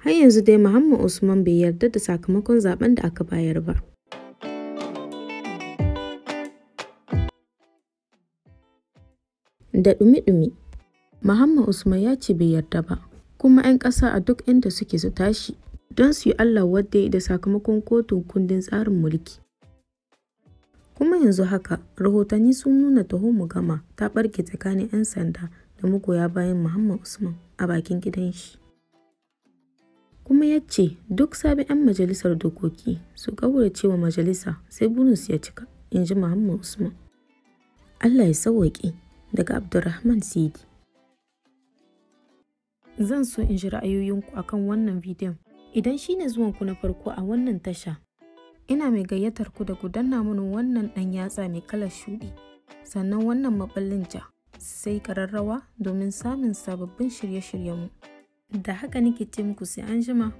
Har yanzu dai Muhammad Usman bai yarda da sakamakon zaben da aka bayar ba. Da dumi-dumi Muhammad Usman ya ce bai yarda ba, kuma 'yan ƙasa a duk inda suke su tashi don su yi Allah wadda da sakamakon kotun kundin tsarin mulki. Kuma yanzu haka, rahotanni sun nuna taho gama ta ɓarke tsakanin 'yan sanda da magoya bayan Muhammad Usman a bakin gidan shi. kuma ya ce duk sabon 'yan majalisar dokoki su ƙaurace wa majalisa sai burinsu ya cika, in ji Muhammad Usman. Allah ya sauwaƙe daga Abdulrahman Sidi. Zan so in ji ra'ayoyinku a kan wannan bidiyon. Idan shi ne zuwanku na farko a wannan tasha, ina mai gayyatar ku da ku danna mana wannan ɗan yatsa mai kalar shuɗi, sannan wannan maɓallin ja, sai ƙararrawa domin samun sababbin shirye-shiryenmu. da haka nake ce muku sai anjima.